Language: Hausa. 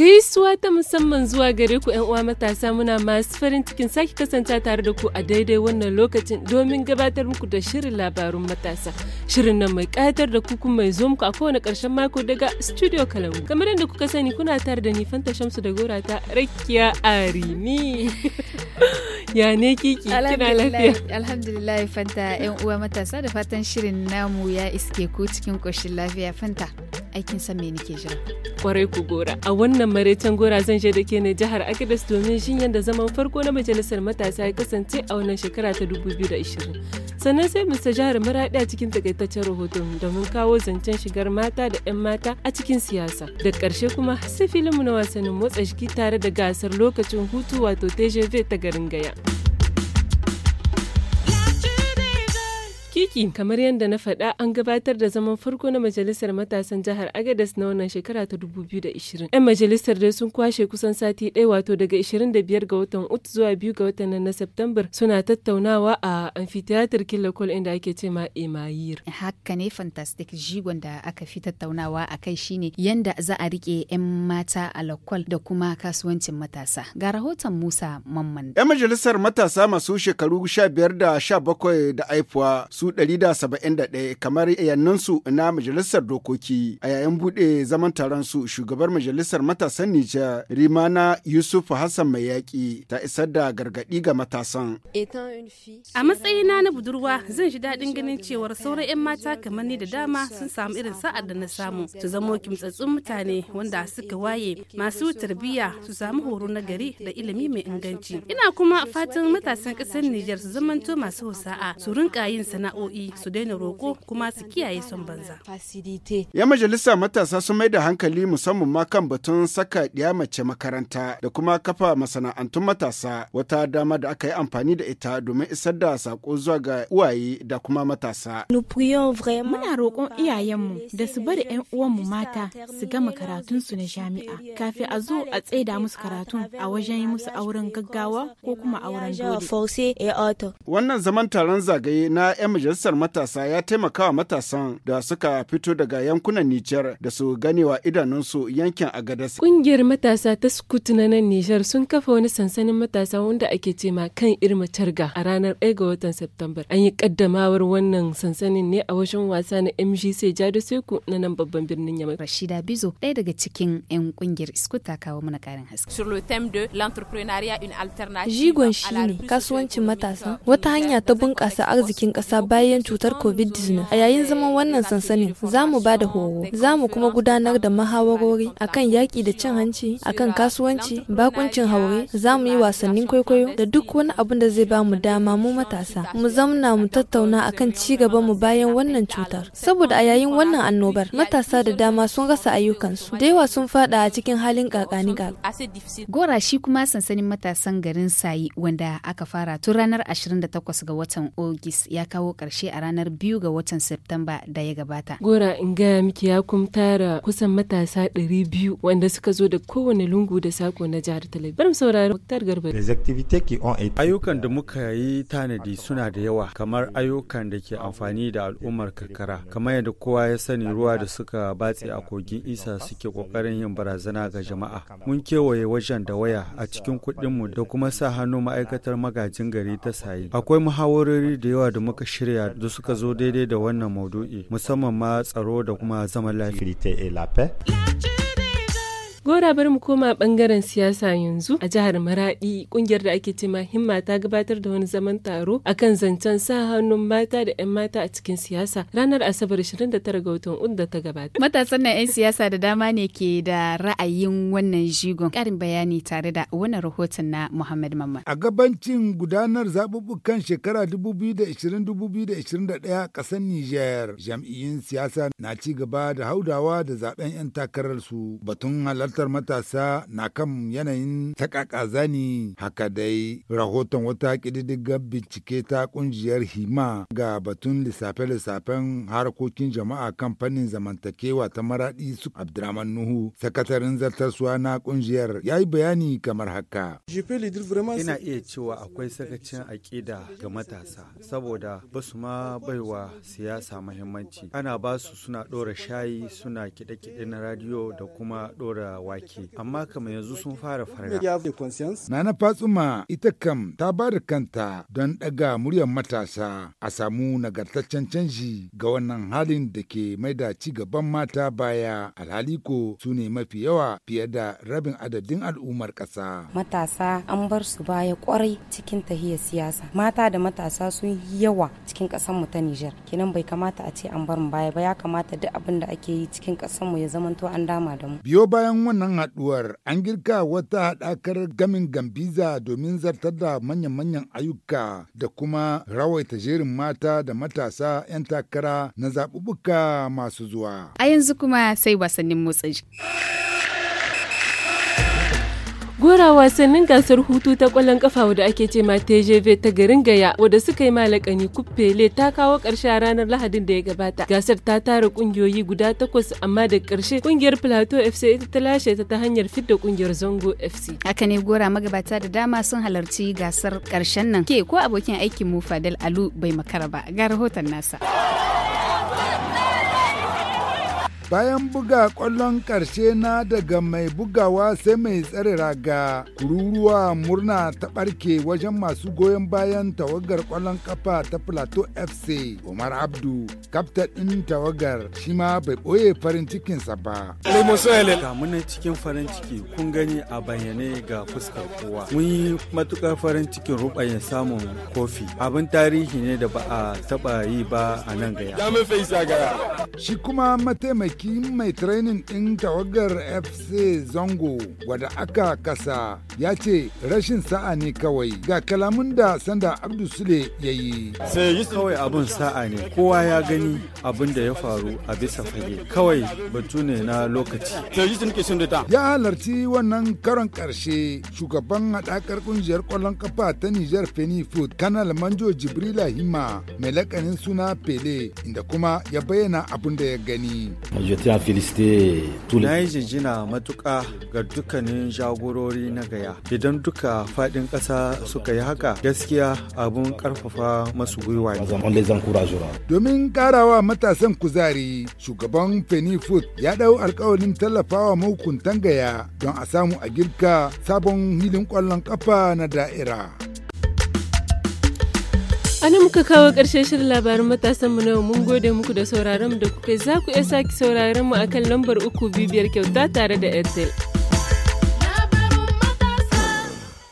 Gaisuwa ta musamman zuwa gare ku ‘yan uwa matasa muna masu farin cikin sake kasance tare da ku a daidai wannan lokacin domin gabatar muku da shirin labarun matasa. Shirin nan mai ƙayatar da ku kuma mai zo muku a kowane ƙarshen mako daga Studio kalamu Kamar yadda kuka sani kuna tare da ni Fanta Shamsu da Gora ta Rakiya Arimi. ya ne kiki kina lafiya? Alhamdulillah Fanta ‘yan uwa matasa da fatan shirin namu ya iske ku cikin ƙoshin lafiya Fanta. aikin san mai nike jira. Kwarai ku gora, a wannan maraicen gora zan je da ke ne jihar Agadez domin shin yadda zaman farko na majalisar matasa ya kasance a wannan shekara ta da 2020. Sannan sai Mr. Jihar Maradi a cikin takaitaccen rahoton domin kawo zancen shigar mata da 'yan mata a cikin siyasa. Da ƙarshe kuma sai filinmu na wasannin motsa jiki tare da gasar lokacin hutu wato TGV ta garin Gaya. Hakiki kamar yadda na faɗa an gabatar da zaman farko na majalisar matasan jihar Agadez na wannan shekara ta 2020. 'Yan majalisar dai sun kwashe kusan sati ɗaya wato daga 25 ga watan Ut zuwa 2 ga watan na Septembar suna tattaunawa a amphitheater Killakol inda ake ce ma Emayir. Haka ne fantastic jigon da aka fi tattaunawa a kai shine yanda za a rike 'yan mata a lokol da kuma kasuwancin matasa. Ga rahoton Musa Mamman. 'Yan majalisar matasa masu shekaru 15 da 17 da aifuwa su 171 kamar yannansu na majalisar dokoki a yayin buɗe zaman taron su shugabar majalisar matasan Nijar Rimana Yusuf Hassan mai yaƙi ta isar da gargaɗi ga matasan. A matsayina na budurwa zan ji daɗin ganin cewar sauran 'yan mata kamar ni da dama sun samu irin sa'ar da na samu su zamo kimtsatsun mutane wanda suka waye masu tarbiyya su samu horo na gari da ilimi mai inganci. Ina kuma fatan matasan ƙasar Nijar su zamanto masu husa'a su rinka yin sana'o'i sa'o'i su daina roko kuma su kiyaye son banza. Yan majalisa matasa sun mai da hankali musamman ma kan batun saka ɗiya mace makaranta da kuma kafa masana'antun matasa wata dama da aka yi amfani da ita domin isar da sako zuwa ga uwaye da kuma matasa. Muna roƙon iyayenmu da su bari 'yan uwanmu mata su gama karatunsu na jami'a kafin a zo a tsaida musu karatun a wajen yi musu auren gaggawa ko kuma auren dole. Wannan zaman taron zagaye na 'yan majalisar matasa ya taimaka wa matasan da suka fito daga yankunan Nijar da su ganewa idanunsu yankin Agadas. Kungiyar matasa ta Scoot na nan Nijar sun kafa wani sansanin matasa wanda ake cema kan Irma Targa a ranar 1 ga watan Septembar. An yi kaddamawar wannan sansanin ne a washin wasa na MGC Jado Seku na nan babban birnin Yamai. Rashida Bizo ɗaya daga cikin 'yan kungiyar Scoot ta kawo mana karin haske. Sur le thème de l'entrepreneuriat une alternative. Jigon shine kasuwancin matasa wata hanya ta bunƙasa arzikin ƙasa bayan bayan cutar covid-19 a yayin zaman wannan sansanin za mu ba da horo za mu kuma gudanar da mahawarori akan yaƙi da cin hanci akan kasuwanci bakuncin haure za mu yi wasannin kwaikwayo da duk wani abin da zai ba mu dama mu matasa mu zamna mu tattauna akan ci gaban mu bayan wannan cutar saboda a yayin wannan annobar matasa da dama sun rasa ayyukansu da yawa sun fada a cikin halin kakani gora shi kuma sansanin matasan garin sayi wanda aka fara tun ranar 28 ga watan ogis ya kawo ƙarshe karshe a ranar biyu ga watan Septemba da ya gabata. Gora in gaya miki ya kuma tara kusan matasa ɗari biyu wanda suka zo da kowane lungu da sako na jihar Talabi. Bari mu saurari Garba. Ayyukan da muka yi tanadi suna da yawa kamar ayyukan da ke amfani da al'ummar karkara kamar yadda kowa ya sani ruwa da suka batse a kogin isa suke kokarin yin barazana ga jama'a mun kewaye wajen da waya a cikin kuɗinmu da kuma sa hannu ma'aikatar magajin gari ta sayi akwai muhawarori da yawa da muka shirya Najeriya da suka zo daidai da wannan maudu'i musamman ma tsaro da kuma zaman lafiya. Gora bari mu koma bangaren siyasa yanzu a jihar Maradi kungiyar da ake cema himma ta gabatar da wani zaman taro akan zancen sa hannun mata da 'yan mata a cikin siyasa ranar Asabar 29 ga watan Ud da ta gabata. Matasan na 'yan siyasa da dama ne ke da ra'ayin wannan jigon. Karin bayani tare da wannan rahoton na Muhammad Mamman. A gabancin gudanar zaɓuɓɓukan shekara 2020-2021 ƙasar Nijar jam'iyyun siyasa na ci gaba da haudawa da zaben 'yan su batun halarta Majalisar Matasa na kan yanayin takaka zani haka dai rahoton wata ƙididdigar bincike ta ƙungiyar Hima ga batun lissafe-lissafen harkokin jama'a kamfanin zamantakewa ta maraɗi su Abdurrahman Nuhu, sakatarin zartaswa na ƙungiyar ya yi bayani kamar haka. Ina iya cewa akwai sakacin aƙida ga matasa saboda ba su ma baiwa siyasa muhimmanci. Ana ba su suna ɗora shayi suna kiɗe-kiɗe na radiyo da kuma ɗora wake amma kamar yanzu sun fara farga. Nana Fatsuma ita kam ta ba da kanta don ɗaga muryar matasa a samu nagartaccen canji ga wannan halin da ke maida ci gaban mata baya alhali ko su ne mafi yawa fiye da rabin adadin al'ummar ƙasa. Matasa an bar su baya kwarai cikin tahiyar siyasa. Mata da matasa sun yawa cikin ƙasar mu ta Nijar. Kenan bai kamata a ce an bar mu baya ba ya kamata duk abin da ake yi cikin ƙasar mu ya zamanto an dama da mu. Biyo bayan wannan haɗuwar an girka wata haɗakar gamin gambiza domin zartar da manyan-manyan ayyuka da kuma rawaita jerin mata da matasa 'yan takara na zaɓuɓɓuka masu zuwa. A yanzu kuma sai wasannin motsa jiki. Gora wasannin gasar hutu ta kwallon kafa wadda ake ce ma TJV ta garin Gaya wadda suka yi malakani kuffele ta kawo karshe a ranar Lahadin da ya gabata. Gasar ta tara kungiyoyi guda takwas amma da ƙarshe kungiyar Plateau FC ita ta lashe ta ta hanyar fidda kungiyar Zango FC. Haka ne Gora magabata da dama sun halarci gasar karshen nan. Ke ko abokin aikin mu Fadel Alu bai makara ba ga rahoton nasa. bayan buga ƙwallon ƙarshe na daga mai bugawa sai mai tsare raga kururuwa murna ta ɓarke wajen masu goyon bayan tawagar kwallon ƙafa ta plateau fc umar abdu kaftan ɗin tawagar shi ma bai ɓoye farin cikinsa ba kamuna cikin farin ciki kun gani a bayyane ga fuskar kowa mun yi matuƙar farin cikin ruɓayin samun kofi abin tarihi ne da ba a taɓa yi ba a nan gaya shi kuma mataimaki kakakin mai trenin ɗin tawagar FC Zango wadda aka kasa ya ce rashin sa'a ne kawai ga kalamun da sanda Abdu Sule ya yi. Sai kawai abin sa'a ne kowa ya gani abin da ya faru a bisa fage kawai batu ne na lokaci. Ya halarci wannan karon karshe shugaban haɗakar ƙungiyar ƙwallon kafa ta Nijar Feni Food Kanal Manjo Jibrila Hima mai lakanin suna Pele inda kuma ya bayyana abin da ya gani. Je tiens à Na yi jinjina matuƙa ga dukkanin jagorori na gaya. Idan duka fadin kasa suka yi haka gaskiya abun karfafa masu gwiwa ne. Domin karawa matasan kuzari, shugaban Penny Food ya ɗau alƙawarin tallafawa mahukuntan gaya don a samu a girka sabon hilin kwallon kafa na da'ira. Ana muka kawo ƙarshen shirin labarin matasan mu na mun gode muku da sauraron da kuka za ku iya sake sauraron mu akan lambar uku bibiyar kyauta tare da Airtel.